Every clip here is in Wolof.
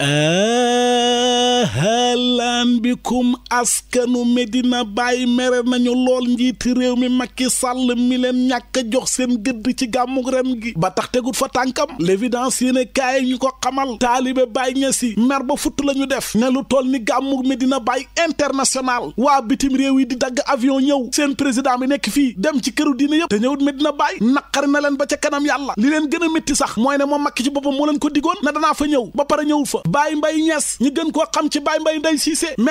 嗯。bikum askanu Medina Baye mere nañu lool njiiti réew mi Macky Sall mi leen ñàkk jox seen gëdd ci gàmmu rem gi ba tax tegut fa tànkam l'évidence yéene kaay ñu ko xamal taalibe Baye ñesi mer ba futt la ñu def ne lu toll ni gàmmu Medina Baye international waa bitim réew yi di dagg avion ñëw seen président bi nekk fii dem ci këru diine yëpp te ñëwut Medina Baye naqari na leen ba ca kanam yàlla li leen gën a métti sax mooy ne moom Macky ci boppam moo leen ko digoon na fa ñëw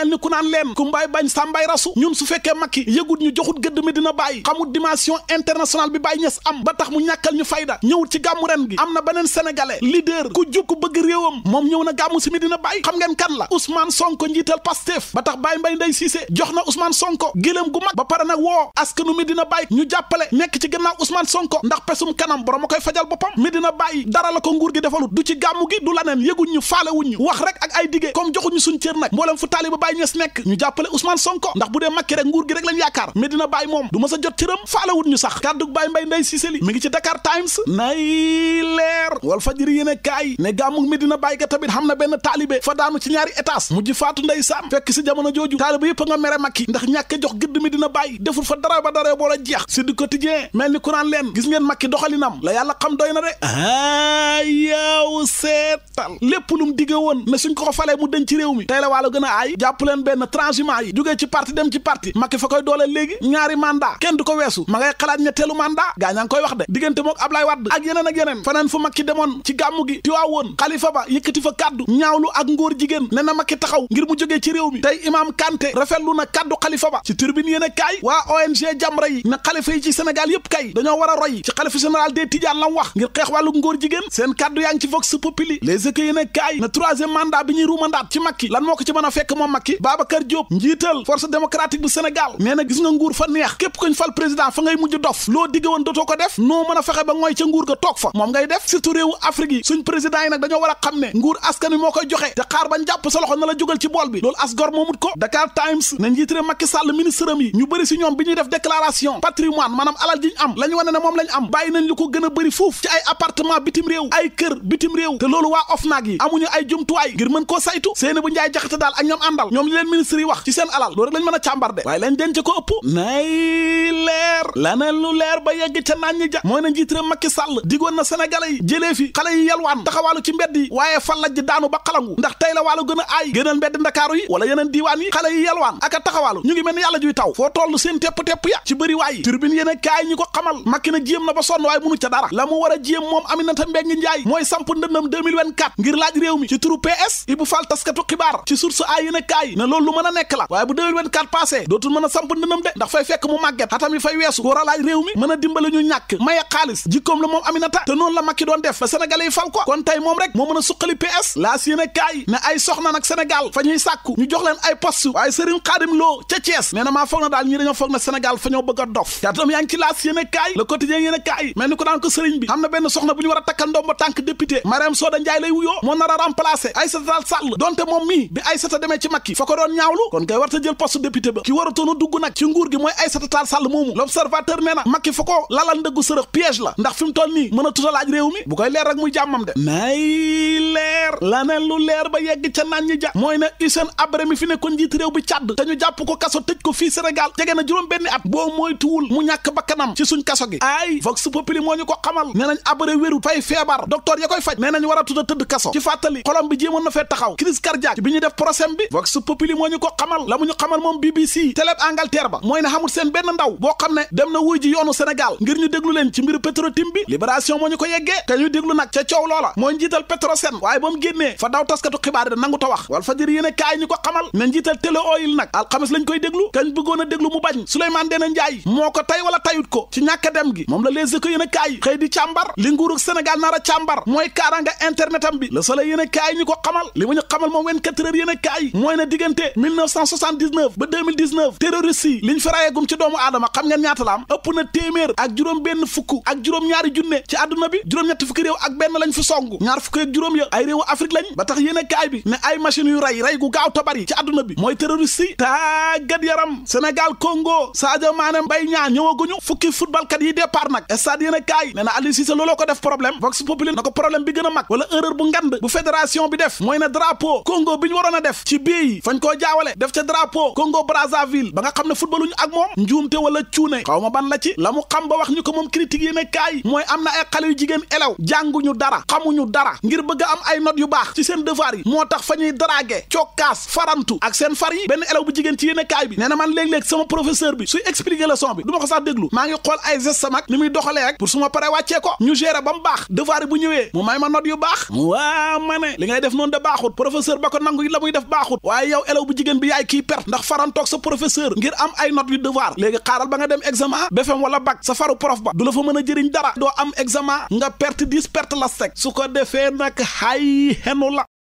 mel ni ku naan leen ku mbaay bañ sàmbaay rasu ñun su fekkee makki yëgut ñu joxut gëdd mi dina bàyyi xamut dimension internationale bi bàyyi ñes am ba tax mu ñàkkal ñu fayda ñëwut ci gàmmu ren gi am na beneen sénégalais leader ku jug ku bëgg réewam moom ñëw na gàmmu si mi dina bàyyi xam ngeen kan la Ousmane Sonko njiital Pastef ba tax Baye Mbaye Ndeye Cissé jox na Ousmane Sonko gëlëm gu mag ba pare nag woo askanu mi dina bàyyi ñu jàppale nekk ci gannaaw Ousmane Sonko ndax pesum kanam borom a koy fajal boppam mi dina bàyyi dara la ko nguur gi defalut du ci gàmmu gi du laneen yëguñ ñu faalewuñ ñu wax rek ak ay dige comme joxuñu suñ cër nag mboolem fu taaliba bàyyi ñes nekk ñu jàppale Ousmane Sonko ndax bu dee Macky rek nguur gi rek lañ yaakaar Medina Baye moom du ma sa jot cëram faalawut ñu sax kàddug Baye Mbaye Ndeye Cissé li mi ngi ci Dakar Times nay leer wal fajiri yéen e ne gàmmu Medina Baye ga tamit xam na benn taalibe fa daanu ci ñaari étage mujj faatu ndey saam fekk si jamono jooju taalibe yëpp nga mere Macky ndax ñàkke jox gëdd Medina Baye deful fa dara ba dara boola jeex si du quotidien mel ni kuraan leen gis ngeen Macky doxalinam la xam doy na de gàttal lépp lu mu digge woon ne suñ ko ko falee mu dem ci réew mi tey la waalo gën a aay jàpp leen benn transhumant yi jógee ci parti dem ci parti Macky fa koy dooleel léegi ñaari mandat kenn du ko weesu ma ngay xalaat ñetteelu mandat gaa ñaa ngi koy wax de diggante mook Ablaye Wade ak yeneen ak yeneen faneen fu Macky demoon ci gàmmu gi Tiwaawoon Khalifa Ba yëkkati fa kaddu ñaawlu ak ngóor jigéen ne na Macky taxaw ngir mu jógee ci réew mi tey Imam Kanté rafetlu na kaddu Khalifa Ba ci turbine yéen a kaay waa ONG Jamra yi na xalifa yi dañoo a roy ci xalifa général des Tidiane wax ngir xeex wàllu ngóor jigéen seen kaddu yaa ngi ci vox populi les écueils yéen kaay na troisième mandat bi ñuy ruumandaat ci Macky lan moo ko ci mën a fekk moom Macky Babacar Diop njiital force démocratique bu Sénégal nee na gis nga nguur fa neex képp koñ fal président fa ngay mujj dof loo digg woon dootoo ko def noo mën a fexe ba ngooy ca nguur ga toog fa moom ngay def surtout réewu Afrique yi suñ président yi nag dañoo war a xam ne nguur askan wi moo koy joxe te xaar bañ jàpp sa loxo na la jógal ci bool bi loolu as gor moomut ko Dakar Times ne njiit réew Macky Sall ñu bëri si ñuy def déclaration patrimoine maanaam alal ji am la ñu wane ne moom lañ am bàyyi nañ lu ko gën a bëri fuuf ci ay appartement bitim réew ay kër bitim réew te OFNAC yi amuñu ay jumtuwaay ngir mën koo saytu seeni bu njaay jaxate daal ak ñoom àndal ñoom li leen ministre wax ci seen alal loolu rek lañ mën a càmbar de waaye lañ denc ko ëpp nay leer laneen lu leer ba yegg ca naan ñi ja mooy na njiit réew Macky Sall digoon na sénégalais yi jëlee fi xale yi yalwaan taxawaalu ci mbedd yi waaye fallaj ji daanu ba xalangu ndax tey la wàllu a aay gënal mbedd ndakaaru yi wala yeneen diiwaan yi xale yi yalwaan ak a ni yàlla juy taw foo toll seen tepp-tepp ya ci a jéem 4 ngir laaj réew mi ci turu PS Ibou Fall taskatu xibaar ci source ay yéen a kaay ne loolu mën a nekk la waaye bu 2024 passé dootul mën a samp ndënam de ndax fay fekk mu màgget xatam fay weesu war a laaj réew mi mën a dimbale ñu ñàkk maye xaalis jikkoom la moom Aminata te noonu la Macky def ba sénégalais yi fal ko kon tey moom rek moo mën a suqali PS laas yéen ne ay soxna nag Sénégal fa ñuy sàkku ñu jox ay poste waaye sëriñ bi tuyoo moo nar a remplacer Aïssata Tall Sall donte moom mii bi Aïssata demee ci Macky fa ko doon ñaawlu kon kay war ta jël poste député ba ki waratoon a dugg nag ci nguur gi mooy Aïssata Tall Sall moomu l'observateur nee na Macky lalal ndëggu sërëx piège la ndax fi mu nii mën a tutalaaj réew mi bu koy leer rek muy jàmmam de may leer la ne lu leer ba yegg ca naan ñi ja mooy ne Hissène Habré mi fi nekkoon njiit réew bi Tchad te ñu jàpp ko kaso tëj ko fii Sénégal jege na juróom benn at boo moytuwul mu ñàkk bakkanam ci suñ kaso gi ay vox populi moo ñu ko a tëdd kaso ci fàttali xolam bi jéemoon na fee taxaw crise cardiaque ci bi ñuy def procès bi vox populi moo ñu ko xamal la mu ñu xamal moom BBC télé Angleterre ba mooy ne xamul seen benn ndaw boo xam ne dem na wuy ji yoonu Sénégal ngir ñu déglu leen ci mbiru Petro-Tim bi moo ñu ko yeggee te déglu nag ca coow loola mooy njiital Petrosen waaye ba génnee fa daw taskatu xibaar da nangu ta wax Walfadjri njiital Télé Oil nag alxames lañ koy xaritam bi Le Soleil yéen a kaay ñu ko xamal li mu ñu xamal moom 24 heures mooy ne diggante ba 2019 terroriste yi liñ fi ci doomu aadama xam ngeen ñaata ëpp na téeméer ak juróom benn fukk ak juróom-ñaari junne ci àdduna bi juróom-ñetti fukki réew ak benn lañ fi song ñaar fukki ak juróom ya ay réewu Afrique lañ ba tax yéen a bi ne ay machines yu rey rey gu gaaw ta ci àdduna bi mooy terroriste yi tàggat yaram Sénégal Congo Sadio Mané Mbaye Niang ñëwaguñu fukki footballkat yi départ nag stade bu ngande bu fédération bi def mooy na drapeau Congo bi ñu waroon a def ci bii fañ koo jaawale def ca drapeau Congo Brazzaville ba nga xam ne footballuñu ak moom njuumte wala cuune xaw ma ban la ci la mu xam ba wax ñu ko moom critique yi ne kaay mooy am na ay xale yu jigéen elew jànguñu dara xamuñu dara ngir bëgg am ay notes yu baax ci seen devoir moo tax fa ñuy dragué cokkaas farantu ak seen far yi benn elew bu jigéen ci yéene kaay bi nee na man léeg-léeg sama professeur bi ma ngi xool ay gestes sama ni muy doxalee su ma paree wàccee ko ñu gérer ba mu baax devoir ma note yu waa ma li ngay def noonu de baaxut professeur ba ko nangu la muy def baaxut waaye yow élève bu jigéen bi yaay kii perte ndax faran toog sa professeur ngir am ay notes yu devoir léegi xaaral ba nga dem examen BFEM wala bac sa faru prof ba du la fa mën a jëriñ dara doo am examen nga perte dix perte la sec su ko defee nag xay xenu la